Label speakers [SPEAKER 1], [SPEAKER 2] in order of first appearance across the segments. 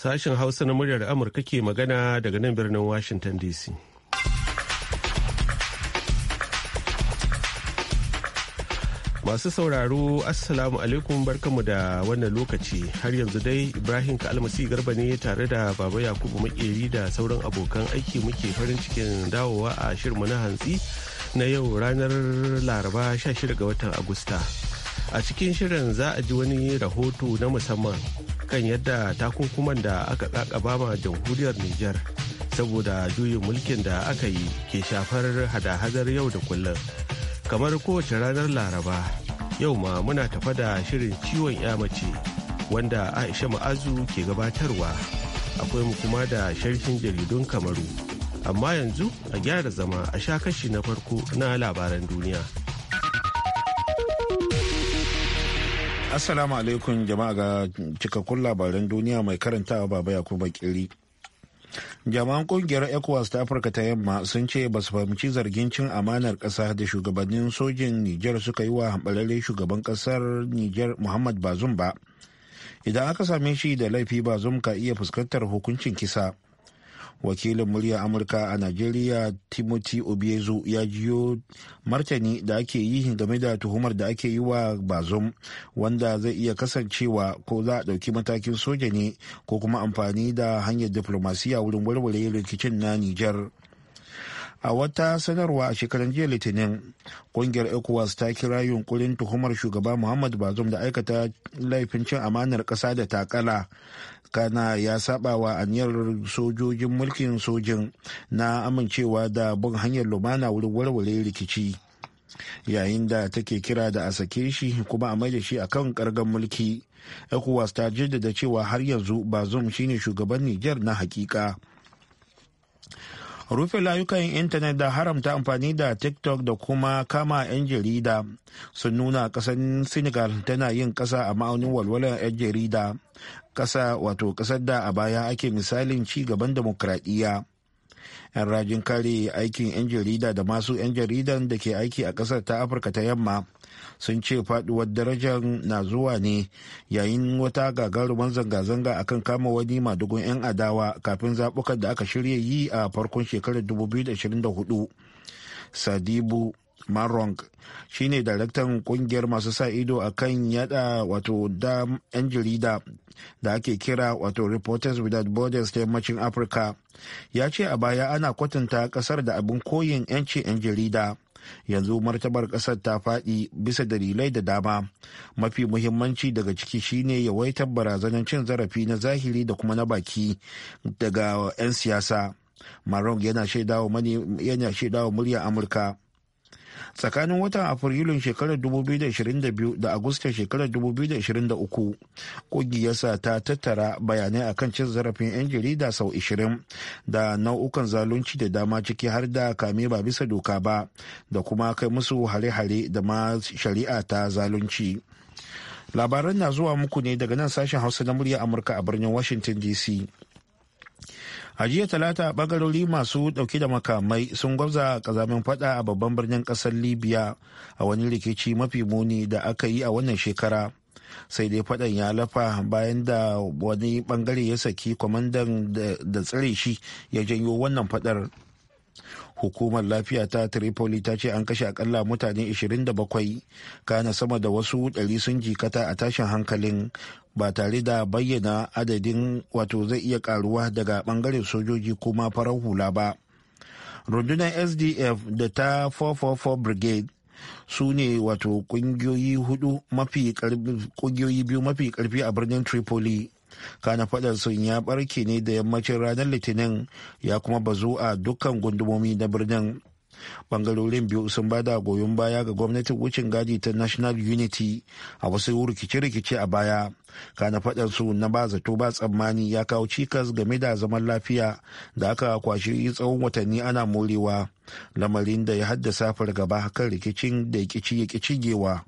[SPEAKER 1] Sashen Hausa na muryar Amurka ke magana daga nan birnin Washington DC. Masu sauraro, Assalamu alaikum barkamu da wannan lokaci. Har yanzu dai Ibrahim Kalmasi Garba ne tare da Baba Yakubu Makeri da sauran abokan aiki muke farin cikin dawowa a shirmu na hantsi na yau ranar Laraba 16 ga watan Agusta. A cikin shirin za a ji wani rahoto na musamman kan yadda takunkuman da aka kakaba ma jamhuriyar Nijar saboda juyin mulkin da aka yi ke shafar hada-hadar yau da kullum. Kamar kowace ranar Laraba, yau ma muna tafa da shirin ciwon mace wanda Aisha Ma'azu ke gabatarwa. Akwai mu kuma da sharhin jaridun Kamaru. Amma yanzu a gyara zama a sha kashi na farko na labaran duniya.
[SPEAKER 2] Assalamu alaikum jama'a ga cikakkun labaran duniya mai karantawa baba ya kuma kiri. Jama'an kungiyar ECOWAS ta Afirka ta yamma sun ce ba su fahimci zargin cin amanar ƙasa da shugabannin sojin Nijar suka yi wa hambararre shugaban ƙasar Nijar Muhammad Bazum ba. Idan aka same shi da laifi Bazum ka iya fuskantar hukuncin kisa. wakilin muryar amurka a nigeria timothy obiezu ya jiyo martani da ake yi game da tuhumar da ake yi wa bazum wanda zai iya kasancewa ko za a ɗauki matakin soja ne ko kuma amfani da hanyar diflomasiya wurin warware rikicin na nijar a wata sanarwa a shekaran jiya litinin kungiyar ecowas ta kira yunkurin tuhumar shugaba muhammad bazum da aikata laifin cin amanar ƙasa da takala kana ya saba wa aniyar sojojin mulkin sojin na amincewa da bin hanyar lumana wurin warware rikici yayin da take kira da a sake shi kuma a maida shi akan kargan mulki ecowas ta jaddada cewa har yanzu bazum shine shugaban nijar na hakika rufe layukan intanet da haramta amfani da tiktok da kuma kama 'yan jarida sun nuna kasar senegal tana yin kasa a ma'aunin walwalar 'yan jarida kasa wato kasar da a baya ake misalin ci gaban demokradiyya 'yan rajin kare aikin 'yan jarida da masu 'yan jaridan da ke aiki a kasar ta afirka ta yamma sun ce faduwar darajar na zuwa ne yayin wata gagarumar zanga-zanga a kan kama wani madugun 'yan adawa kafin zaɓukan da aka shirya yi a farkon shekarar 2024 sadibu marong shine daraktan kungiyar masu sa ido a kan yada wato da 'yan jarida da ake kira wato reporters without borders ta yammacin afirka ya ce a baya ana kwatanta kasar da abin koyin 'yanci 'yan jarida yanzu martabar ƙasar ta faɗi bisa dalilai da dama mafi muhimmanci daga ciki shine yawaitar barazanar cin zarafi na zahiri da kuma na baki daga 'yan siyasa marong yana shaidawa murya amurka tsakanin watan afrilun shekarar 2022 da agustan shekarar 2023 kogiyarsa ta tattara bayanai akan cin zarafin 'yan jarida sau 20 da nau'ukan zalunci da dama ciki har da kame ba bisa doka ba da kuma kai musu hare-hare da ma shari'a ta zalunci labaran na zuwa muku ne daga nan sashen hausa na murya amurka a birnin washington dc a jiya talata bagarori masu dauke da makamai sun gwabza kazamin fada a babban birnin kasar libya a wani rikici mafi muni da aka yi a wannan shekara sai dai fadan ya lafa bayan da wani bangare ya saki kwamandan da tsare shi ya janyo wannan fadar hukumar lafiya ta tripoli ta ce an kashe akalla mutane 27 kana sama da wasu 100 sun jikata a tashin hankalin ba tare da bayyana adadin wato zai iya karuwa daga bangaren sojoji kuma farar hula ba rundunar sdf da ta 444 brigade su ne wato biyu mafi karfi a birnin tripoli kana fadar sun ya barke ne da yammacin ranar litinin ya kuma bazu a dukkan gundumomi na birnin bangarorin biyu sun ba da goyon baya ga gwamnatin wucin gadi ta national unity a wasu rikice-rikice a baya kana su na ba zato ba tsammani ya kawo cikas game da zaman lafiya da aka kwashi tsawon watanni ana morewa lamarin da ya haddasa fargaba kan rikicin da ya kici ya kici gewa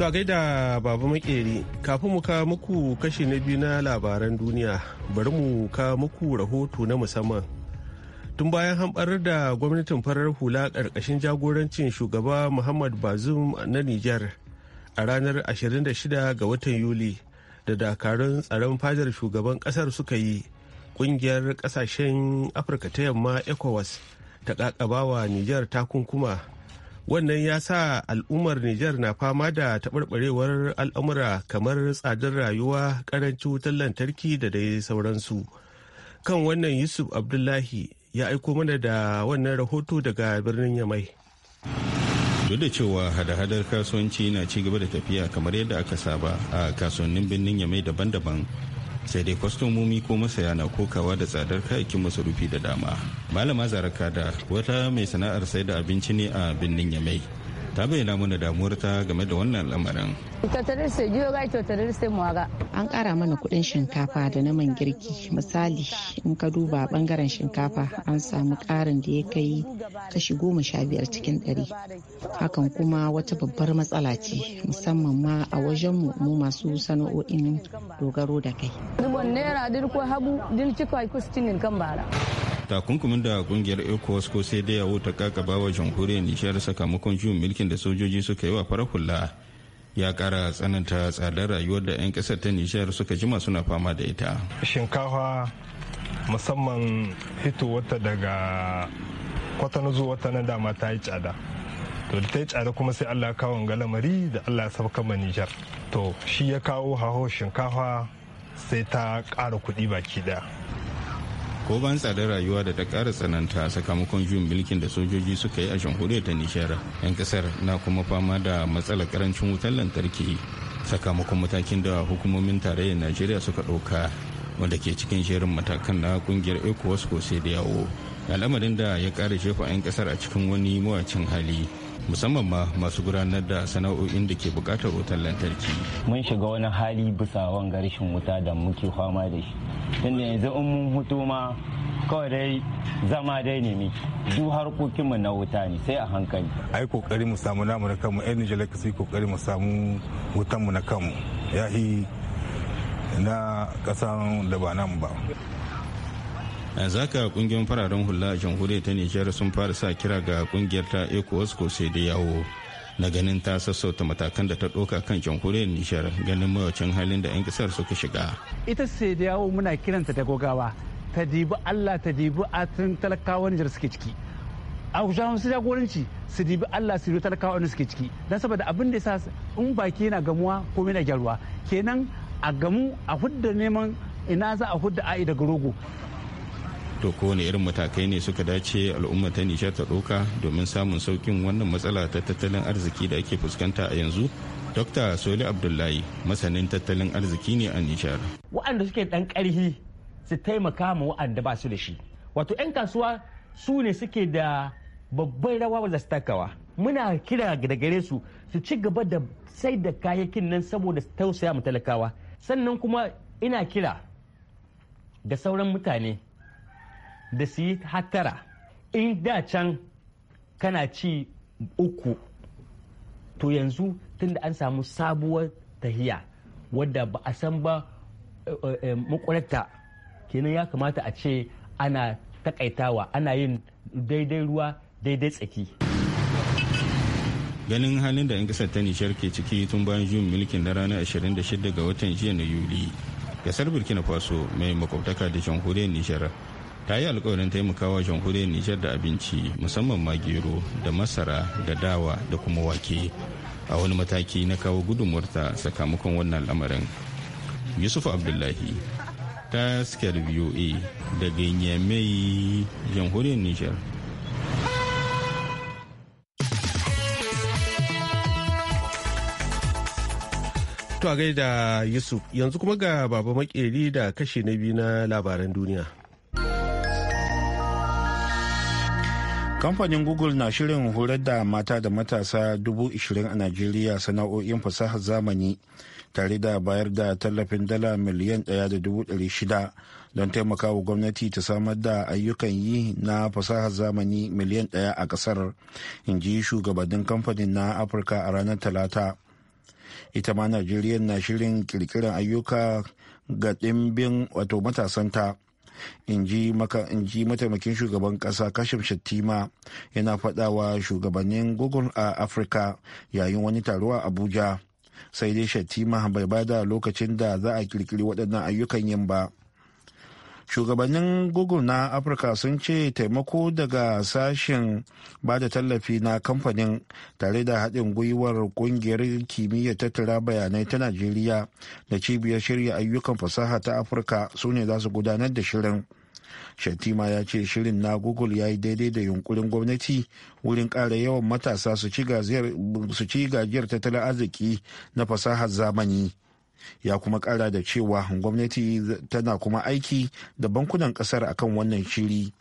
[SPEAKER 1] To a gaida babu makeri kafin mu kawo muku kashi na biyu na labaran duniya bari mu kawo muku rahoto na musamman. Tun bayan hambar da gwamnatin farar hula ƙarƙashin jagorancin shugaba Muhammad bazum na Nijar a ranar 26 ga watan Yuli da dakarun tsaron fadar shugaban ƙasar suka yi ƙungiyar ƙasashen Afirka ta yamma ECOWAS ta ƙaƙabawa Nijar takunkuma wannan ya sa al'ummar Nijar na fama da taɓarɓarewar al'amura kamar tsadar rayuwa karanci wutar lantarki da dai sauransu. Kan wannan Yusuf Abdullahi ya aiko mana da wannan rahoto daga birnin Yamai.
[SPEAKER 3] Duk da cewa hada-hadar kasuwanci na ci gaba da tafiya kamar yadda aka saba a kasuwannin birnin Yamai daban-daban sai dai kwastomomi ko masaya na kokawa da tsadar kayayyakin masarufi da dama malama zaraka da wata mai sana'ar sai da abinci ne a birnin yamai ta bayyana mana damuwar ta game da wannan lamarin.
[SPEAKER 4] An ƙara mana kuɗin shinkafa da na man girki misali in ka duba bangaren shinkafa an samu karin da ya kai kashi goma sha biyar cikin ɗari. Hakan kuma wata babbar matsala ce musamman ma a wajen mu masu sana'o'in dogaro da kai.
[SPEAKER 5] Zubon naira ko habu dirki kan bara.
[SPEAKER 3] takunkumin da kungiyar ecowas ko sai da yawo ta kakaba wa jamhuriyar nishiyar sakamakon juyin mulkin da sojoji suka yi wa farar hula ya kara tsananta tsadar rayuwar da 'yan kasar ta nishiyar suka jima suna fama da ita
[SPEAKER 1] shinkafa musamman hito wata daga kwatano zuwa wata na dama ta yi tsada to da ta yi tsada kuma sai allah kawo galamari da allah ya sauka ma nijar to shi ya kawo haho shinkafa sai ta ƙara kuɗi baki daya ko ban
[SPEAKER 3] tsadar rayuwa da ta kara tsananta sakamakon juyin mulkin da sojoji suka yi a jamhuriyar ta nishiyar yan kasar na kuma fama da matsalar karancin wutar lantarki sakamakon matakin da hukumomin tarayyar najeriya suka ɗauka wanda ke cikin shirin matakan na kungiyar ecowas ko sai da yawo al'amarin da ya kara jefa 'yan kasar a cikin wani mawacin hali musamman ma masu gudanar da sana'o'in da ke bukatar wutar lantarki mun shiga wani hali bisa wanga rashin wuta da muke fama da shi tunda yanzu in mun hutu ma kawai dai zama dai ne miki duk harkokinmu na wuta ne sai a hankali ai kokari mu samu namu na kanmu yan nijar ka sai kokari mu samu wutan mu na kanmu yahi na kasan da ba nan ba a zaka kungiyar fararen hula a jamhuriyar ta nijar sun fara sa kira ga kungiyar ta ecowas ko sai da yawo na ganin ta sassauta matakan da ta ɗauka kan jamhuriyar nijar ganin mawacin halin da 'yan kasar suka shiga
[SPEAKER 6] ita sai da yawo muna kiranta da gogawa ta dibi allah ta dibi atin talakawan nijar suke ciki a su jagoranci su dibi allah su dibi talakawan suke ciki don saboda abin da yasa in baki yana gamuwa ko na gyaruwa kenan a gamu a hudda neman ina za a hudda a'i daga rogo
[SPEAKER 3] to kowane irin matakai ne suka dace al'umma ta nishar ta ɗauka domin samun saukin wannan matsala ta tattalin arziki da ake fuskanta a yanzu dr soli abdullahi masanin tattalin arziki ne a nishar
[SPEAKER 6] wa'anda suke ɗan ƙarhi su taimaka ma waɗanda ba su da shi wato 'yan kasuwa su ne suke da babbar rawa za su takawa muna kira da gare su su ci gaba da sai da kayayyakin nan saboda su tausaya mu talakawa sannan kuma ina kira ga sauran mutane da su yi hattara in da can kana ci uku to yanzu tunda an samu sabuwar tahiya wadda ba a san ba eh, eh, makwarta kenan ya kamata a ce ana takaitawa ana yin daidai ruwa daidai tsaki
[SPEAKER 3] ganin halin da 'yan ta nishar ke ciki tun bayan juyin mulkin na ranar 26 ga watan jiya na yuli gasar burkina faso mai makwabtaka da jamhuriyar nishar ta yi alkawarin taimakawa jamhuriyar nijar da abinci musamman ma gero da masara da dawa da kuma wake a wani mataki na kawo gudunmurta sakamakon wannan lamarin yusuf abdullahi ta sikar voa daga yamai jamhuriyar nijar
[SPEAKER 1] To a gaida Yusuf yanzu kuma ga baba makeri da kashi na biyu na labaran duniya.
[SPEAKER 2] kamfanin google na shirin horar da mata da matasa 20,000 a najeriya sana'o'in fasahar zamani tare da bayar da tallafin dala miliyan ɗaya da taimaka wa don taimakawa gwamnati ta samar da ayyukan yi na fasahar zamani miliyan 1 a kasar in ji shugabannin kamfanin na afirka a ranar talata ita ma najeriya na shirin kirkirar ayyuka ga ɗimbin wato matasanta in ji mataimakin shugaban kasa kashim shattima yana fadawa shugabannin google a afirka yayin wani taro a abuja sai dai shattima bai bada lokacin da za a kirkiri waɗannan ayyukan yin ba shugabannin google na afirka sun ce taimako daga sashen ba da tallafi na kamfanin tare da haɗin gwiwar ƙungiyar kimiyyar tattara bayanai ta najeriya da cibiyar shirya ayyukan fasaha ta afirka su ne za su gudanar da shirin shatima ya ce shirin na google ya yi daidai da yunkurin gwamnati wurin ƙara yawan matasa su ci gajiyar tattalin arziki na fasahar zamani. ya kuma kara da cewa gwamnati tana kuma aiki da bankunan kasar akan wannan shiri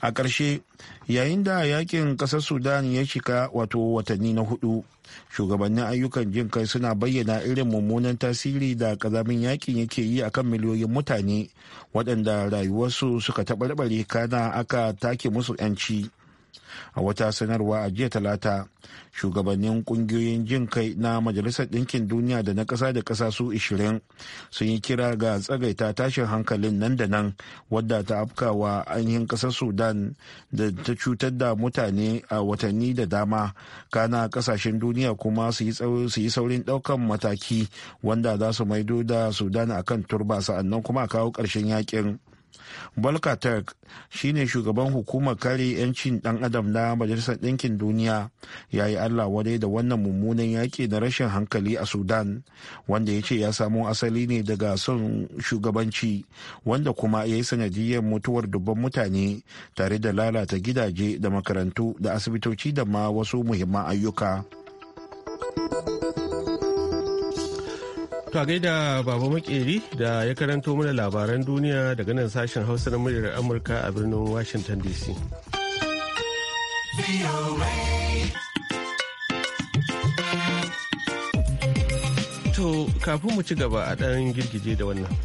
[SPEAKER 2] a ƙarshe yayin da yakin ƙasar sudan ya shiga wato watanni na hudu shugabannin ayyukan jin kai suna bayyana irin mummunan tasiri da ƙazamin yakin yake yi akan miliyoyin mutane waɗanda rayuwarsu suka taɓarɓare kana aka take musu 'yanci a wata sanarwa a jiya talata shugabannin kungiyoyin jin kai na majalisar ɗinkin duniya da na ƙasa da ƙasa su 20 sun yi kira ga tsagaita tashin hankalin nan da nan wadda ta afkawa ainihin ƙasar sudan da ta cutar da mutane a watanni da dama kana ƙasashen duniya kuma su yi saurin ɗaukan mataki wanda za su maido da sudan akan turba sa'annan kuma a kawo ƙarshen yakin. turk shi ne shugaban hukumar kare 'yancin ɗan adam na Majalisar Ɗinkin Duniya ya yi Allah wadai da wannan mummunan yaƙi na rashin hankali a Sudan wanda ya ce ya samo asali ne daga son shugabanci wanda kuma ya yi sanadiyar mutuwar dubban mutane tare da lalata gidaje da makarantu da asibitoci da ma wasu muhimman ayyuka.
[SPEAKER 1] To gaida Baba Makeri da ya karanto mana labaran duniya daga nan sashen Hausa na muryar Amurka a birnin Washington DC. To kafin mu ci gaba a ɗan girgije da wannan.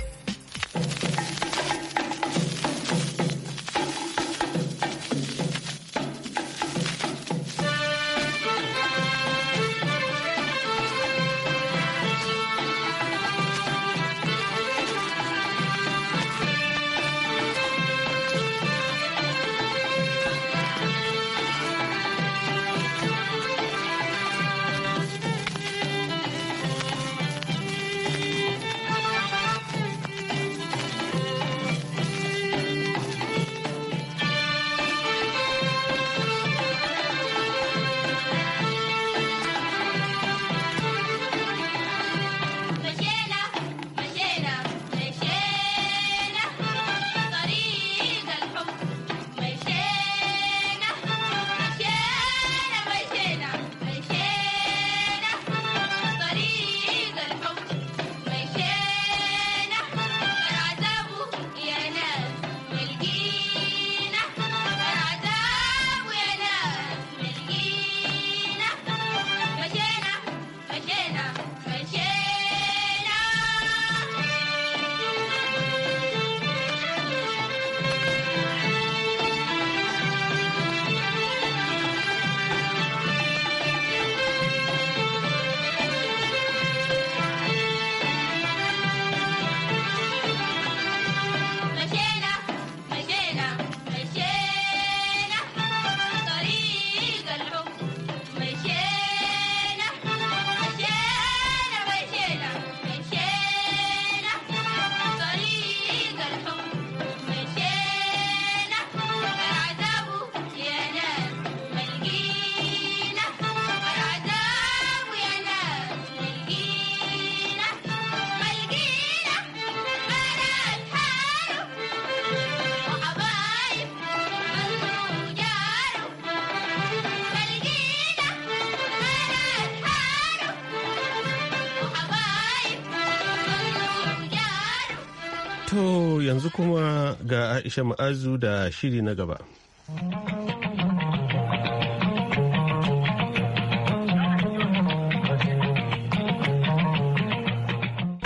[SPEAKER 1] yanzu kuma ga Aisha Ma'azu da shiri na gaba.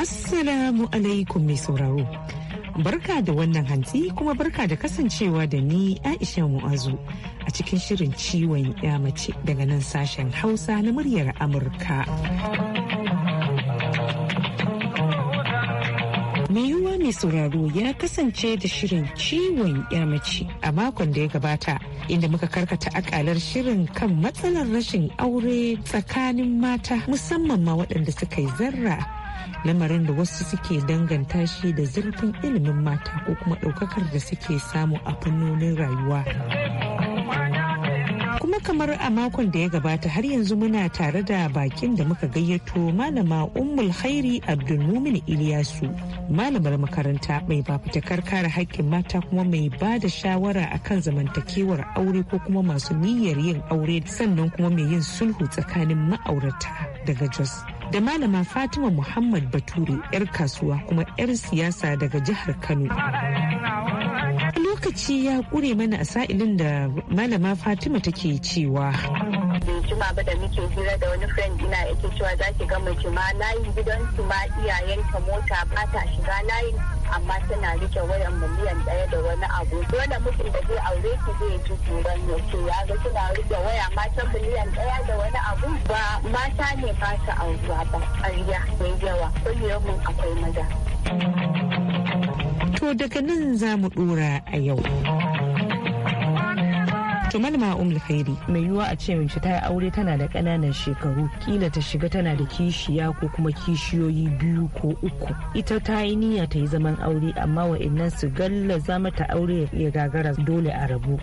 [SPEAKER 4] Assalamu alaikum mai sauraro. Barka da wannan hantsi kuma barka da kasancewa da ni Aisha Mu'azu a cikin shirin ciwon ya mace daga nan sashen Hausa na muryar Amurka. Me mai sauraro ya kasance da shirin ciwon mace a makon da ya gabata inda muka karkata akalar shirin kan matsalar rashin aure tsakanin mata musamman ma waɗanda suka yi zarra lamarin da wasu suke danganta shi da zurfin ilimin mata ko kuma ɗaukakar da suke samu a fannonin rayuwa. kamar a makon da ya gabata har yanzu muna tare da bakin da muka gayyato malama ummul khairi abdulmumin iliyasu malamar makaranta mai fafutukar kare haƙƙin mata kuma mai ba da shawara akan zamantakewar aure ko kuma masu niyyar yin aure sannan kuma mai yin sulhu tsakanin ma'aurata daga jos da malama fatima muhammad bature 'yar kasuwa kuma 'yar siyasa daga jihar kano lokaci ya kure mana a sa'ilin da malama fatima take cewa
[SPEAKER 7] bai jima ba da muke hira da wani friend ina yake cewa za ki ga mace ma layin gidansu ma iyayenta mota ba ta shiga layin amma tana rike wayan miliyan ɗaya da wani abu dole mutum da zai aure ki zai ji tsoron ya ce ya ga suna rike waya mata miliyan ɗaya da wani abu ba mata ne ba ta auruwa ba ƙarya mai yawa kullum
[SPEAKER 5] akwai maza.
[SPEAKER 4] To daga nan za mu dora a yau. To malama umul khairi. Mai yiwuwa a ce mace ta yi aure tana da ƙananan shekaru kila ta shiga tana da kishiya ko kuma kishiyoyi biyu ko uku. Ita ta yi niyya ta yi zaman aure amma wa'annan su galla za mata aure ya gagara dole a rabu.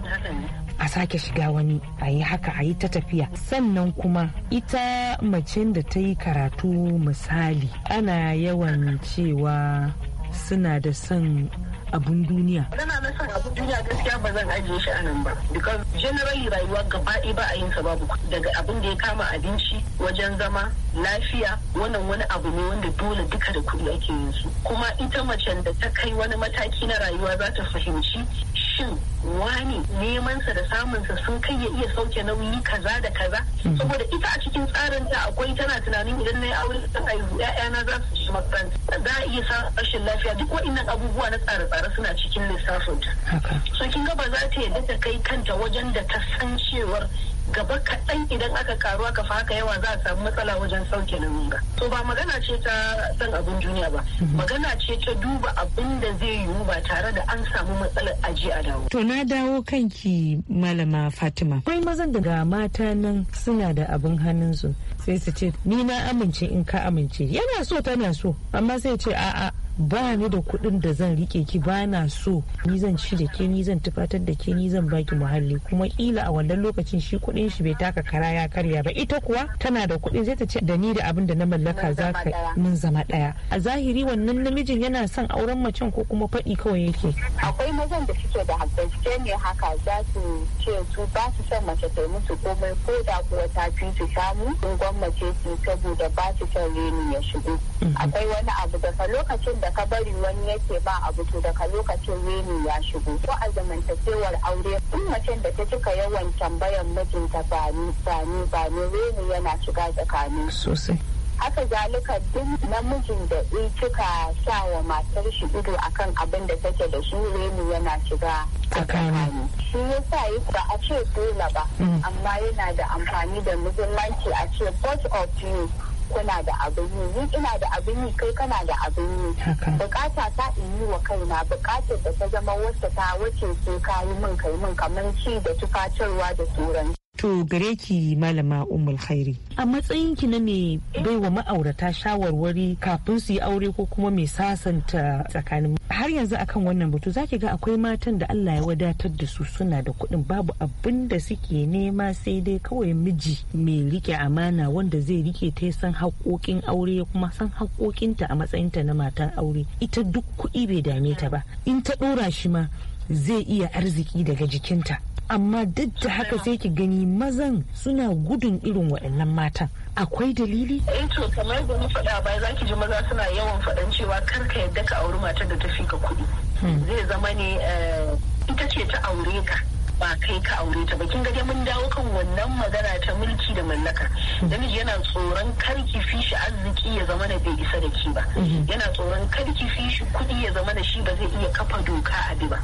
[SPEAKER 4] a sake shiga wani a yi haka a yi ta tafiya sannan kuma ita mace da ta yi karatu misali ana yawan cewa suna da son abun duniya.
[SPEAKER 5] Kana na son abun duniya gaskiya ba zan ajiye shi a nan ba. Because generally rayuwa gaba ɗaya ba a yin sa babu daga abin da ya kama abinci wajen zama lafiya wannan wani abu ne wanda dole duka da kuɗi ake yin su. Kuma ita macen da ta kai wani mataki na rayuwa za ta fahimci shin wani nemansa da samunsa sun kai ya iya sauke nauyi kaza da kaza mhm. saboda ita a cikin tsarin ta akwai tana tunanin idan na yi aure ta haihu ya'yana za su ci makaranta za a iya samun rashin lafiya duk waɗannan abubuwa na tsare-tsare suna cikin lissafin ta so kin ga ba za ta yadda ta kai kanta wajen da ta san cewar gaba kaɗan idan aka karuwa ka fa haka yawa za a samu matsala wajen sauke nauyi ba. To ba magana ce ta san abin duniya ba, mhm. magana ce ta duba abin da zai yiwu ba tare da an samu matsalar ajiye a dawo.
[SPEAKER 4] na dawo kanki malama Fatima. Akwai mazan daga mata nan suna da abin hannunsu sai su ce ni na amince in ka amince yana so tana so amma sai ce a'a ba ni da kuɗin da zan rike ki ba na so ni zan ci da ke ni zan tufatar da ke ni zan baki muhalli kuma kila a wannan lokacin shi kuɗin shi bai taka kara ya karya ba ita kuwa tana da kuɗi zai ta ce da ni da abin da na mallaka za ka mun zama ɗaya a zahiri wannan namijin yana son auren macen ko kuma faɗi kawai yake
[SPEAKER 7] akwai mazan da suke da gaske ne haka za su ce su ba su son mace ta musu komai ko da kuwa ta fi su samu in gwamnati su saboda ba su son reni ya shigo akwai wani abu daga lokacin da ka bari wani yake ba abu to daga lokacin reni ya shigo ko a zamantakewar aure in mace da ta cika yawan tambayan mijinta ba ni ba ni ba ni reni yana shiga tsakanin sosai haka zalika duk namijin da in cika sa wa matar shi ido akan abin da take da shi reni yana shiga tsakanin shi ya sa yi ba a ce dole ba mm. amma yana da amfani da muhimmanci a ce both of you kuna da abin yi ni ina da abin yi kai kana da abin yi bukata ta in yi wa kaina bukatar da ta zama wacce ta wace sai kayi min kai min kamar ci da tufacewa da turanci
[SPEAKER 4] To gare ki malama Ummul Khairi. A matsayin ki na mai wa ma'aurata shawarwari kafin su yi aure ko kuma mai sasanta tsakanin har yanzu akan wannan batu zaki ga akwai matan da Allah ya wadatar da su suna da kuɗin babu abin da suke nema sai dai kawai miji mai rike amana wanda zai rike ta san haƙoƙin aure kuma san haƙoƙinta a matsayinta na matan aure ita duk kuɗi bai dame ta ba in ta ɗora shi ma zai iya arziki daga jikinta amma duk da haka sai ki gani mazan suna gudun irin waɗannan matan akwai dalili? in eh
[SPEAKER 5] to kamar yadda mu faɗa ba za ki ji maza suna yawan faɗan cewa kar ka yadda ka auri matar da ta fi ka kuɗi. Hmm. Zai zama ne eh, ita ce ta aure ka. ba kai ka aure ta ba kin ga mun dawo kan wannan magana ta mulki da mallaka hmm. namiji yana tsoron kar ki fi shi arziki ya zama na bai isa da ki ba hmm. yana tsoron kar ki fi shi kuɗi ya zama da shi ba zai iya kafa doka a bi ba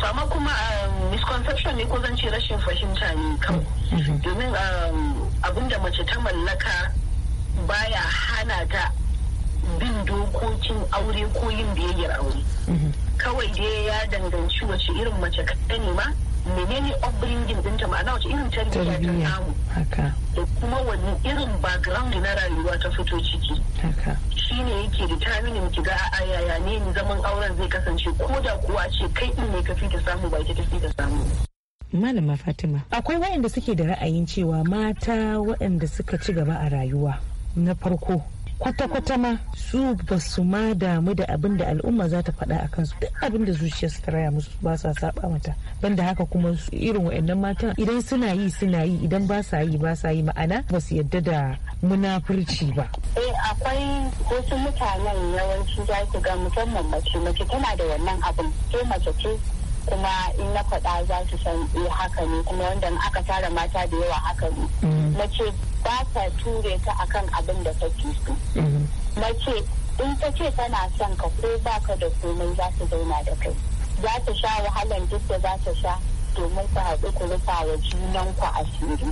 [SPEAKER 5] to amma kuma um, misconception ne ko zan ce rashin fahimta ne kawai mm-hmm. domin um, abin da mace ta mallaka baya hana ta bin dokokin aure ko yin biyayyar aure mm-hmm. kawai dai ya danganci wace irin mace ka ma. menene din dinta ma'ana wace irin tarbiyya ta samu da kuma wani irin background na rayuwa ta fito ciki shine yake determining ki ga a yaya ne zaman auren zai kasance ko da kuwa ce kai din ne ka fi ta samu ba ki ta fi ta samu
[SPEAKER 4] Malama Fatima, akwai waɗanda suke da ra'ayin cewa mata waɗanda suka ci gaba a rayuwa na farko kwata-kwata ma su ba su ma damu da abin da al'umma za ta faɗa a kansu duk abin da zuciyarsu ta raya musu ba sa saba mata banda haka kuma irin wa'annan matan idan suna yi suna yi idan ba sa yi ba sa yi ma'ana ba su yadda da munafurci ba.
[SPEAKER 7] eh akwai wasu mutanen yawanci za su ga musamman mace mace tana da wannan abin ke mace ce kuma in na faɗa za su san eh haka ne kuma wanda aka tara mata da yawa haka ne mm. mace ba sa ture ta akan abin da kake so mhm. mace in ta ce tana son ka ko ba ka da komai za ta zauna da kai za ta sha wahalan duk da za ta sha domin ku haɗu ku rufa wa junan ku asiri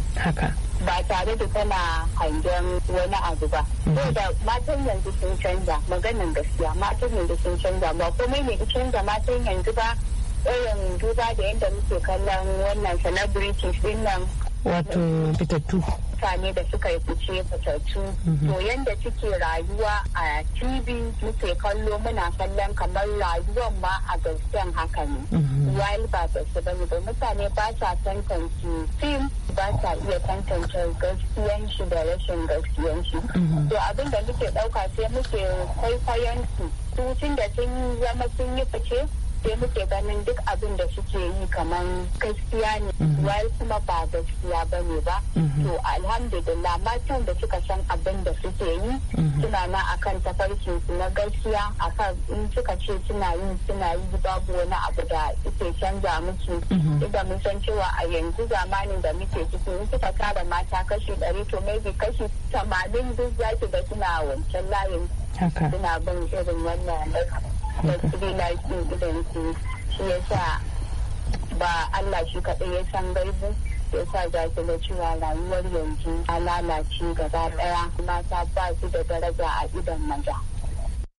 [SPEAKER 7] ba tare da tana hangen wani abu ba mhm. ko da matan yanzu sun canza maganin gaskiya matan yanzu sun canza ba komai ne canza matan yanzu ba irin duba da yadda muke kallon wannan celebrities din nan
[SPEAKER 4] wato fitattu
[SPEAKER 7] mutane da suka yi kuce fitattu mhm. to yanda suke rayuwa a tv muke kallo muna kallon kamar rayuwar ma a gaskiyan haka ne mhm. while ba ta su bane da mutane ba sa tantance fim ba sa iya tantance gaskiyan shi da rashin gaskiyan shi mhm. to abin da muke dauka sai muke kwaikwayon su tun da sun yi zama sun yi fice sai muke ganin duk abin da suke yi kamar gaskiya ne mhm. wai kuma ba gaskiya ba ne mhm. ba to alhamdulillah matan da suka san abin da suke yi mhm. suna na akan tafarki su na gaskiya akan in suka ce suna yi suna yi babu wani abu da suke canza musu idan mun san cewa a yanzu zamanin da muke ciki in suka kara mata kashi ɗari to maybe kashi tamanin duk zaki da suna wancan layin suna bin irin wannan wasu idan su shi yasa ba Allah shi kaɗai ya san gaibu ya sa jajirar cewa rayuwar yanzu a lalace gaba ɗaya mata ba su da daraja a idon maza.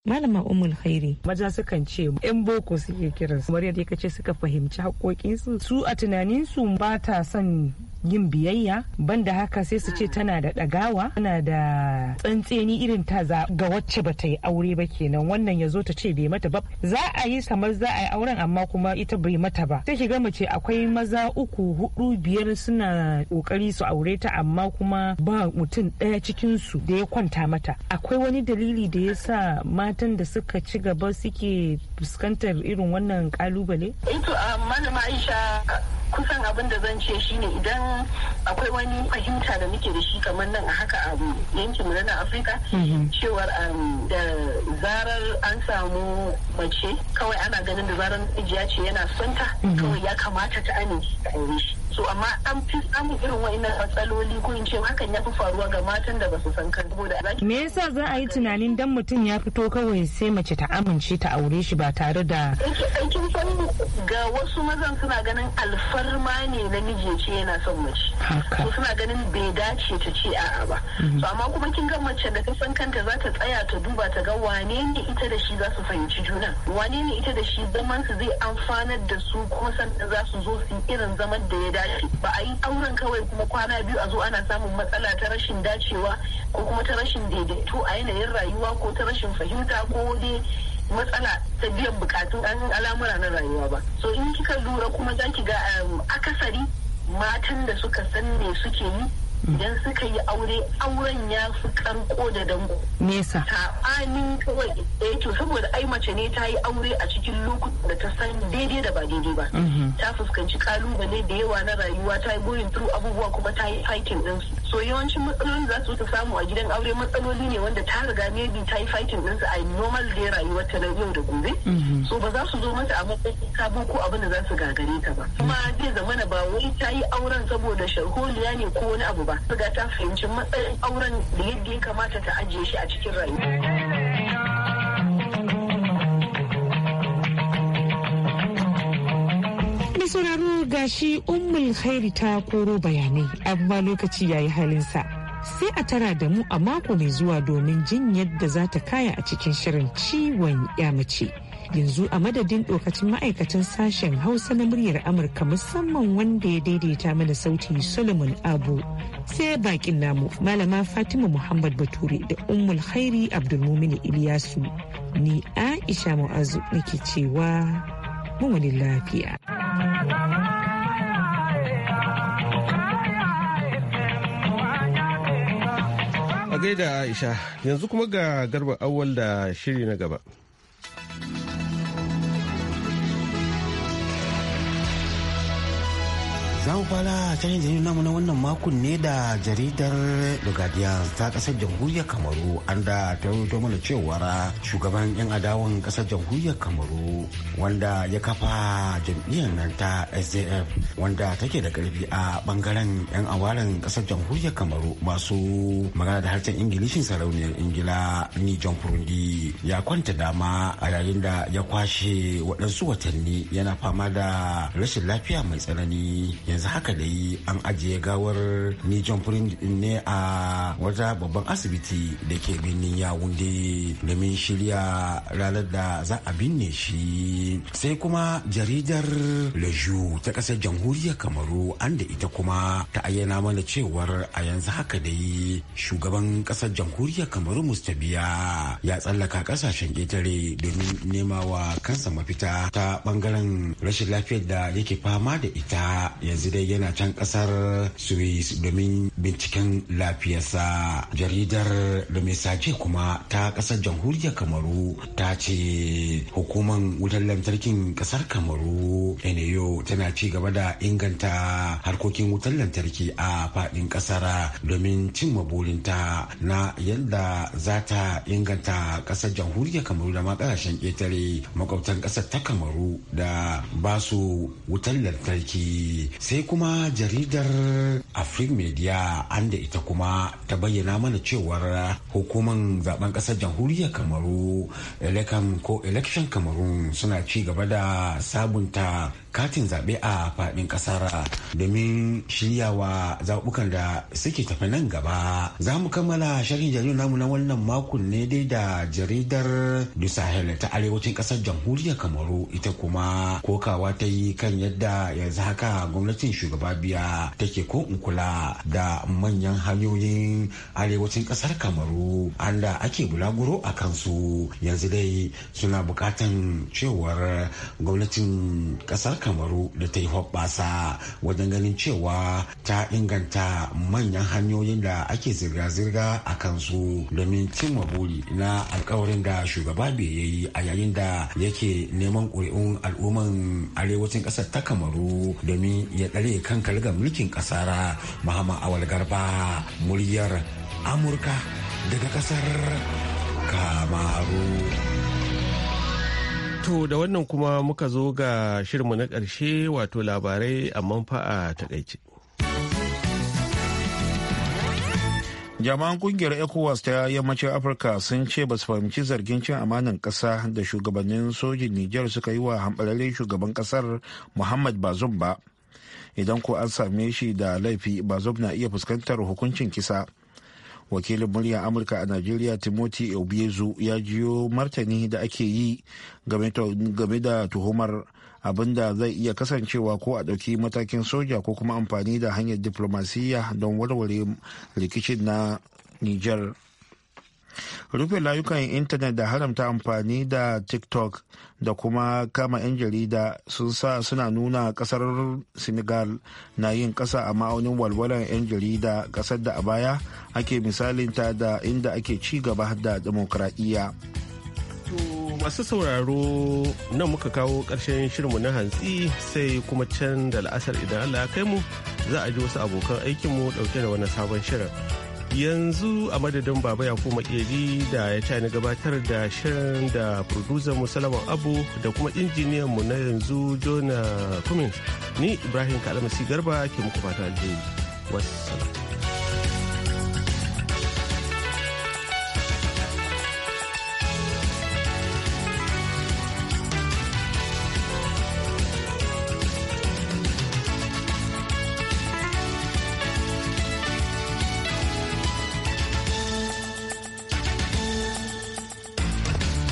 [SPEAKER 4] Malama Umul Khairi. Maza sukan ce ‘yan boko suke kiran su, yadda ka ce suka fahimci haƙoƙinsu. Su a tunaninsu ba ta son yin biyayya banda haka sai su ce tana da ɗagawa tana da tsantseni irin ta za ga wacce ba ta yi aure ba kenan wannan ya zo ta ce bai mata ba za a yi kamar za a yi auren amma kuma ita bai mata ba sai ga mace akwai maza uku hudu biyar suna kokari su aure ta amma kuma ba mutum ɗaya cikin su da ya kwanta mata akwai wani dalili da ya sa matan da suka ci gaba suke fuskantar irin wannan kalubale?
[SPEAKER 5] Ito a ah, malama Aisha kusan abin da zan ce shine idan akwai wani fahimta da muke da shi kamar nan a haka a um, yankin mu na Afrika mhm. cewar um, da zarar an samu mace kawai ana ganin da zarar mijiya ce yana sonta mhm. kawai ya kamata ta amince ta shi so amma an fi samun irin wa'annan matsaloli ko in ce hakan ya fi faruwa ga matan da ba su san kan saboda
[SPEAKER 4] me yasa za a yi tunanin dan mutum ya fito kawai sai mace ta amince ta aure shi ba tare da
[SPEAKER 5] aikin eh, eh, san ga wasu mazan suna ganin alfa farma ne namiji ce yana son mace to suna ganin bai dace ta ce a'a ba mhm. to amma kuma kin ga mace da ta san kanta za ta tsaya ta duba ta ga wane ne ita da shi za su fahimci juna wane ne ita da shi zaman su zai amfanar da su kuma san za su zo su irin zaman da ya dace ba a yi auren kawai kuma kwana biyu a zo ana samun matsala ta rashin dacewa ko kuma ta rashin daidaito a yanayin rayuwa ko ta rashin fahimta ko dai matsala ta biyan bukatun an al'amura na rayuwa ba so in kika lura kuma za ki ga um, akasari matan da suka san me suke yi mm. idan suka yi aure auren ya fi karko da dango nesa saɓanin kawai eh to saboda ai mace ne ta yi aure a cikin lokutan da ta san daidai da ba daidai ba mm-hmm. ta fuskanci kalubale da yawa na rayuwa ta yi going through abubuwa kuma ta yi fighting din su so yawancin matsalolin za su samu a gidan aure matsaloli ne wanda ta riga maybe ta yi fighting ɗinsu a normal day rayuwar ta na yau da gobe mhm. so ba za su zo mata a matsayin sabo ko abin da za su gagare ta ba kuma zai zamana ba wai ta yi auren saboda sharholiya ne ko wani abu ba riga ta fahimci matsayin auren da yadda ya kamata ta ajiye shi a cikin rayuwa
[SPEAKER 4] gashi ummul khairi ta koro bayanai amma lokaci ya yi halinsa sai a tara da mu a mako mai zuwa domin jin yadda za ta kaya a cikin shirin ciwon ya mace. yanzu a madadin dokacin ma'aikatan sashen hausa na muryar amurka musamman wanda ya daidaita mana sauti solomon abu sai bakin namu malama fatima muhammad bature da ummul khairi abdulmumini iliyasu ni aisha mu'azu nake cewa mu lafiya
[SPEAKER 1] gaida Aisha yanzu kuma ga garba awal da shiri na gaba.
[SPEAKER 6] mu fara shirin jirgin namu na wannan makon ne da jaridar The ta kasar jamhuriyar Kamaru an da ta rubuto mana cewa shugaban yan adawan kasar jamhuriyar Kamaru wanda ya kafa jam'iyyar nan ta SJF wanda take da karfi a bangaren yan awaren kasar jamhuriyar Kamaru masu magana da harshen Ingilishin sarauniyar Ingila ni John Furundi ya kwanta dama a yayin da ya kwashe waɗansu watanni yana fama da rashin lafiya mai tsanani yanzu haka da yi an ajiye gawar nijon furin ne a wata babban asibiti da ke birnin yawunde domin shirya ranar da za a binne shi sai kuma jaridar leju ta kasar jamhuriyar kamaru an da ita kuma ta ayyana mana cewar a yanzu haka da yi shugaban kasar jamhuriyar kamaru mustabiya ya tsallaka kasashen ƙetare domin nema wa kansa mafita ta bangaren rashin lafiyar da yake fama da ita yanzu yanzu dai yana can kasar Swiss domin binciken lafiyarsa. Jaridar da mai sace kuma ta kasar jamhuriyar Kamaru ta ce hukumar wutar lantarkin kasar Kamaru Eneyo tana ci gaba da inganta harkokin wutar lantarki a faɗin kasar domin cin burinta na yadda za ta inganta kasar jamhuriyar Kamaru da ma ƙetare makwabtan kasar ta Kamaru da ba su wutar lantarki sai kuma jaridar afrik media anda ita kuma ta bayyana mana cewar hukuman zaben kasar jamhuriyar kamaru elekan ko election kamaru suna ci gaba da sabunta katin zaɓe a faɗin ƙasar domin shiryawa zaɓukan da suke tafi nan gaba za mu kammala sharhin jaridar namu na wannan makon ne dai da jaridar dusahel ta arewacin ƙasar jamhuriyar kamaru ita kuma kokawa ta yi kan yadda yanzu haka gwamnati gwamnatin shugaba biya take ko in kula da manyan hanyoyin arewacin kasar kamaru anda ake bulaguro a kansu yanzu dai suna bukatan cewar gwamnatin kasar kamaru da ta yi hoɓɓasa wajen ganin cewa ta inganta manyan hanyoyin da ake zirga-zirga a kansu domin cimma buri na alkawarin da shugaba bai yayi a yayin da yake neman ƙuri'un al'umman arewacin ƙasar ta kamaru domin ya kare kan kalgar mulkin ƙasar Muhammad Awal Garba muryar Amurka daga ƙasar Kamaru.
[SPEAKER 1] To da wannan kuma muka zo ga shirinmu na ƙarshe wato
[SPEAKER 2] labarai amma manfa a takaice. jama'an kungiyar ecowas ta yammacin afirka sun ce ba su fahimci zargin cin amanan ƙasa da shugabannin sojin nijar suka yi wa hambararren shugaban ƙasar muhammad bazum ba idan ko an same shi da laifi bazob na iya fuskantar hukuncin kisa wakilin murya amurka a najeriya timothy obiezu ya jiyo martani da ake yi game da tuhumar abinda zai iya kasancewa ko a ɗauki matakin soja ko kuma amfani da hanyar diplomasiyya don warware rikicin na niger rufe layukan intanet da haramta amfani da tiktok da kuma kama 'yan jarida sun sa suna nuna kasar senegal na yin kasa a ma'aunin walwalar 'yan jarida kasar da a baya ake misalinta da inda ake ci gaba da demokradiyya.
[SPEAKER 1] masu sauraro nan muka kawo ƙarshen shirinmu na hantsi sai kuma can da la'asar idan Allah ya kai mu za a ji wasu abokan aikinmu ɗauke da wani sabon shirin. yanzu a madadin baba ya kuma da ya ta ni gabatar da shirin da producer musalaman abu da kuma injiniyan mu na yanzu jona cummins ni ibrahim kalamasi garba ke muku fata alheri wasu